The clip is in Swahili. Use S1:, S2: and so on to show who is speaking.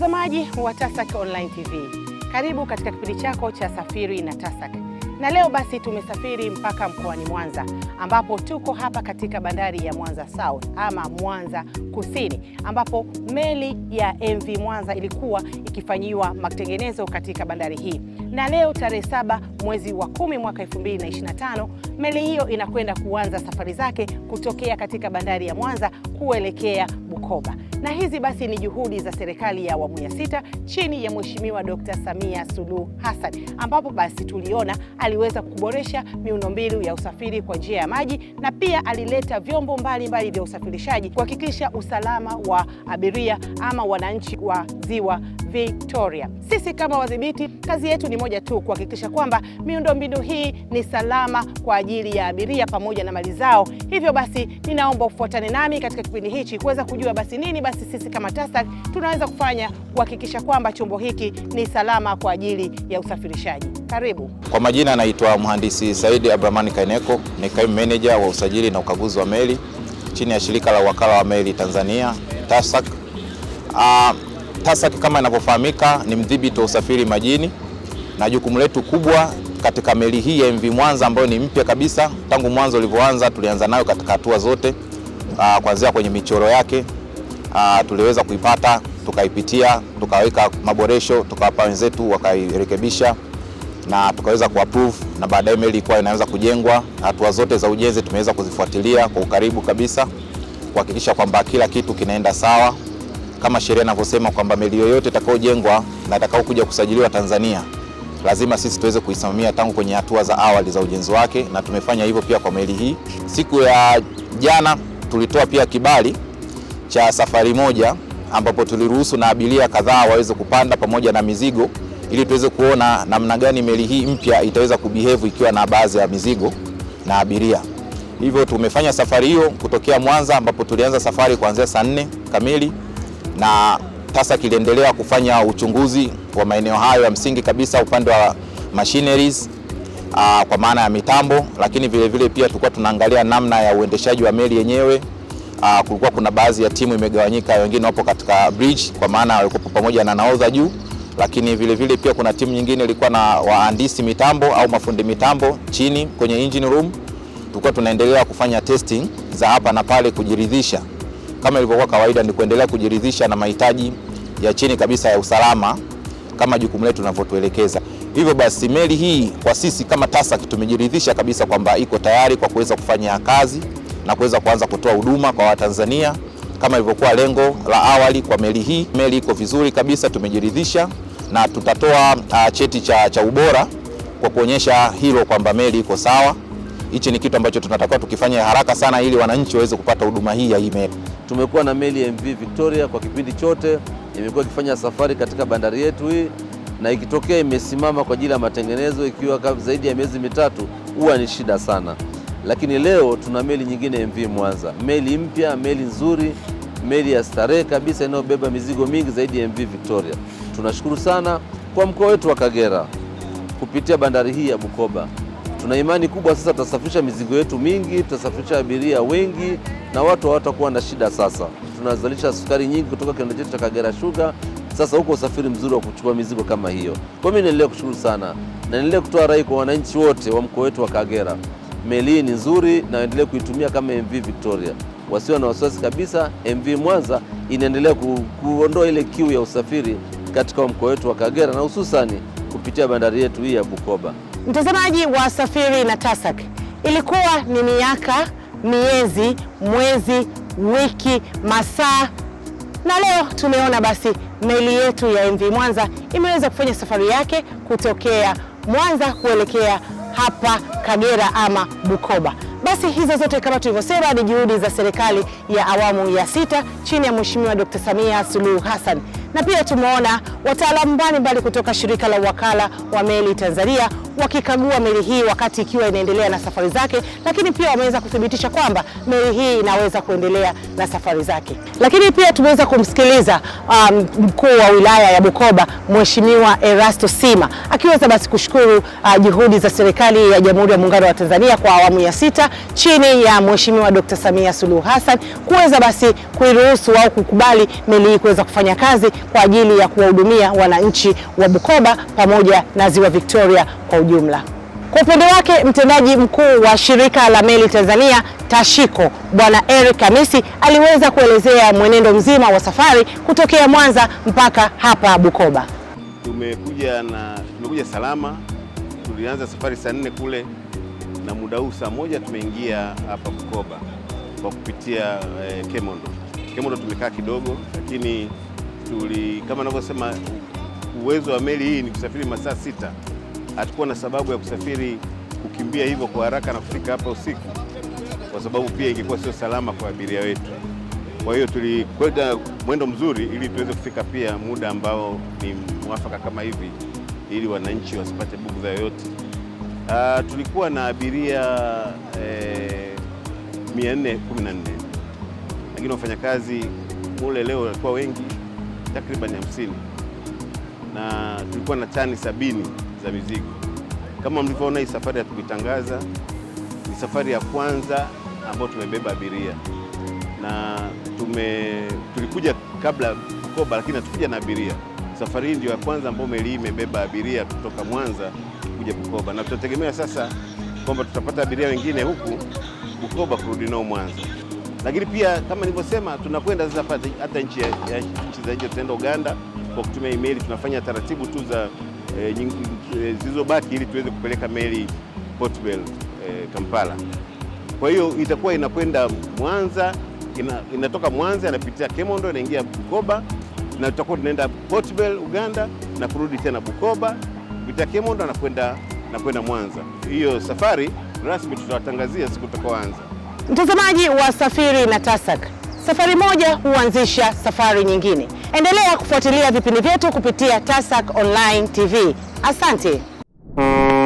S1: Mtazamaji wa TASAC Online TV, karibu katika kipindi chako cha Safiri na TASAC, na leo basi tumesafiri mpaka mkoani Mwanza ambapo tuko hapa katika bandari ya Mwanza South ama Mwanza Kusini, ambapo meli ya MV Mwanza ilikuwa ikifanyiwa matengenezo katika bandari hii, na leo tarehe saba mwezi wa kumi mwaka 2025 meli hiyo inakwenda kuanza safari zake kutokea katika bandari ya Mwanza kuelekea Bukoba. Na hizi basi ni juhudi za serikali ya awamu ya sita chini ya Mheshimiwa Dkt. Samia Suluhu Hassan, ambapo basi tuliona aliweza kuboresha miundombinu ya usafiri kwa njia ya maji na pia alileta vyombo mbalimbali vya usafirishaji kuhakikisha usalama wa abiria ama wananchi wa ziwa Victoria. Sisi kama wadhibiti, kazi yetu ni moja tu, kuhakikisha kwamba miundombinu hii ni salama kwa ajili ya abiria pamoja na mali zao. Hivyo basi, ninaomba ufuatane nami katika kipindi hichi kuweza kujua basi nini basi sisi kama TASAC tunaweza kufanya kuhakikisha kwamba chombo hiki ni salama kwa ajili ya usafirishaji. Karibu.
S2: Kwa majina anaitwa Mhandisi Saidi Abramani Kaineko, ni kaimu meneja wa usajili na ukaguzi wa meli chini ya shirika la wakala wa meli Tanzania TASAC. Uh, ah, TASAC kama inavyofahamika ni mdhibiti wa usafiri majini, na jukumu letu kubwa katika meli hii ya MV Mwanza ambayo ni mpya kabisa tangu mwanzo ulivyoanza, tulianza nayo katika hatua zote, ah, kuanzia kwenye michoro yake aa, ah, tuliweza kuipata tukaipitia, tukaweka maboresho, tukawapa wenzetu wakairekebisha na tukaweza kuapprove na baadaye meli ilikuwa inaanza kujengwa. Hatua zote za ujenzi tumeweza kuzifuatilia kwa ukaribu kabisa kuhakikisha kwamba kila kitu kinaenda sawa kama sheria inavyosema kwamba meli yoyote itakayojengwa na itakayokuja kusajiliwa Tanzania lazima sisi tuweze kuisimamia tangu kwenye hatua za awali za ujenzi wake, na tumefanya hivyo pia kwa meli hii. Siku ya jana tulitoa pia kibali cha safari moja ambapo tuliruhusu na abiria kadhaa waweze kupanda pamoja na mizigo ili tuweze kuona namna gani meli hii mpya itaweza kubehave ikiwa na baadhi ya mizigo na abiria. Hivyo tumefanya safari hiyo kutokea Mwanza ambapo tulianza safari kuanzia saa nne kamili na sasa kiliendelea kufanya uchunguzi wa maeneo hayo ya msingi kabisa upande wa machineries aa, ah, kwa maana ya mitambo, lakini vilevile vile pia tulikuwa tunaangalia namna ya uendeshaji wa meli yenyewe. Ah, kulikuwa kuna baadhi ya timu imegawanyika, wengine wapo katika bridge kwa maana walikuwa pamoja na naoza juu, lakini vile vile pia kuna timu nyingine ilikuwa na wahandisi mitambo au mafundi mitambo chini kwenye engine room. Tulikuwa tunaendelea kufanya testing za hapa na pale kujiridhisha kama ilivyokuwa kawaida, ni kuendelea kujiridhisha na mahitaji ya chini kabisa ya usalama kama jukumu letu linavyotuelekeza. Hivyo basi meli hii kwa sisi kama TASAC tumejiridhisha kabisa kwamba iko tayari kwa kuweza kufanya kazi na kuweza kuanza kutoa huduma kwa Watanzania kama ilivyokuwa lengo la awali kwa meli hii. Meli iko vizuri kabisa, tumejiridhisha na tutatoa uh, cheti cha, cha ubora kwa kuonyesha hilo kwamba meli iko sawa. Hichi ni kitu ambacho tunatakiwa tukifanya haraka sana, ili wananchi waweze kupata huduma hii ya hii meli. Tumekuwa na meli MV Victoria kwa kipindi chote, imekuwa ikifanya safari katika bandari yetu hii, na ikitokea imesimama kwa ajili ya matengenezo ikiwa zaidi ya miezi mitatu, huwa ni shida sana. Lakini leo tuna meli nyingine MV Mwanza, meli mpya, meli nzuri, meli ya starehe kabisa inayobeba mizigo mingi zaidi ya MV Victoria. Tunashukuru sana kwa mkoa wetu wa Kagera kupitia bandari hii ya Bukoba. Tuna imani kubwa sasa tutasafirisha mizigo yetu mingi, tutasafirisha abiria wengi na watu hawatakuwa na shida. Sasa tunazalisha sukari nyingi kutoka kiwanda chetu cha Kagera Sugar. Sasa huko usafiri mzuri wa kuchukua mizigo kama hiyo. Kwa mimi naendelea kushukuru sana na naendelea kutoa rai kwa wananchi wote wa mkoa wetu wa Kagera, meli hii ni nzuri na waendelee kuitumia kama MV Victoria, wasio na wasiwasi kabisa. MV Mwanza inaendelea ku, kuondoa ile kiu ya usafiri katika mkoa wetu wa Kagera na hususani kupitia bandari yetu hii ya Bukoba.
S1: Mtazamaji wa Safiri na TASAC, ilikuwa ni miaka, miezi, mwezi, wiki, masaa na leo tumeona basi meli yetu ya MV Mwanza imeweza kufanya safari yake kutokea Mwanza kuelekea hapa Kagera ama Bukoba. Basi hizo zote kama tulivyosema ni juhudi za serikali ya awamu ya sita chini ya Mheshimiwa Dkt. Samia Suluhu Hassan, na pia tumeona wataalamu mbalimbali kutoka shirika la wakala wa meli Tanzania wakikagua meli hii wakati ikiwa inaendelea na safari zake, lakini pia wameweza kuthibitisha kwamba meli hii inaweza kuendelea na safari zake. Lakini pia tumeweza kumsikiliza um, mkuu wa wilaya ya Bukoba Mheshimiwa Erasto Sima akiweza basi kushukuru uh, juhudi za serikali ya Jamhuri ya Muungano wa Tanzania kwa awamu ya sita chini ya Mheshimiwa Dr. Samia Suluhu Hassan kuweza basi kuiruhusu au kukubali meli hii kuweza kufanya kazi kwa ajili ya kuwahudumia wananchi wa Bukoba pamoja na Ziwa Victoria kwa ujumla ujumla. Kwa upande wake mtendaji mkuu wa shirika la meli Tanzania Tashiko Bwana Eric Hamisi aliweza kuelezea mwenendo mzima wa safari kutokea Mwanza mpaka hapa Bukoba.
S3: Tumekuja na tumekuja salama, tulianza safari saa nne kule na muda huu saa moja tumeingia hapa Bukoba kwa kupitia eh, Kemondo. Kemondo tumekaa kidogo, lakini tuli kama anavyosema uwezo wa meli hii ni kusafiri masaa sita hatukuwa na sababu ya kusafiri kukimbia hivyo kwa haraka na kufika hapa usiku, kwa sababu pia ingekuwa sio salama kwa abiria wetu. Kwa hiyo tulikwenda mwendo mzuri ili tuweze kufika pia muda ambao ni mwafaka kama hivi, ili wananchi wasipate bugudha yoyote. Uh, tulikuwa na abiria eh, 414 lakini wafanyakazi mule leo walikuwa wengi takriban 50 na tulikuwa na tani sabini za mizigo. Kama mlivyoona, hii safari hatukuitangaza, ni safari ya kwanza ambayo tumebeba abiria na tume, tulikuja kabla Bukoba, lakini hatukuja na abiria. Safari hii ndio ya kwanza ambayo meli imebeba abiria kutoka Mwanza kuja Bukoba, na tutategemea sasa kwamba tutapata abiria wengine huku Bukoba kurudi nao Mwanza. Lakini pia kama nilivyosema, tunakwenda sasa hata nchi za nje, tutaenda Uganda kwa kutumia email. Tunafanya taratibu tu za e, zilizobaki ili tuweze kupeleka meli Portbel e, eh, Kampala. Kwa hiyo itakuwa inakwenda Mwanza ina, inatoka Mwanza inapitia Kemondo inaingia Bukoba na tutakuwa tunaenda Portbel Uganda na kurudi tena Bukoba kupitia Kemondo na kwenda na kwenda Mwanza. Hiyo safari rasmi tutawatangazia siku tutakaoanza.
S1: Mtazamaji wa Safiri na TASAC, safari moja huanzisha safari nyingine. Endelea kufuatilia vipindi vyetu kupitia Tasak Online TV. Asante.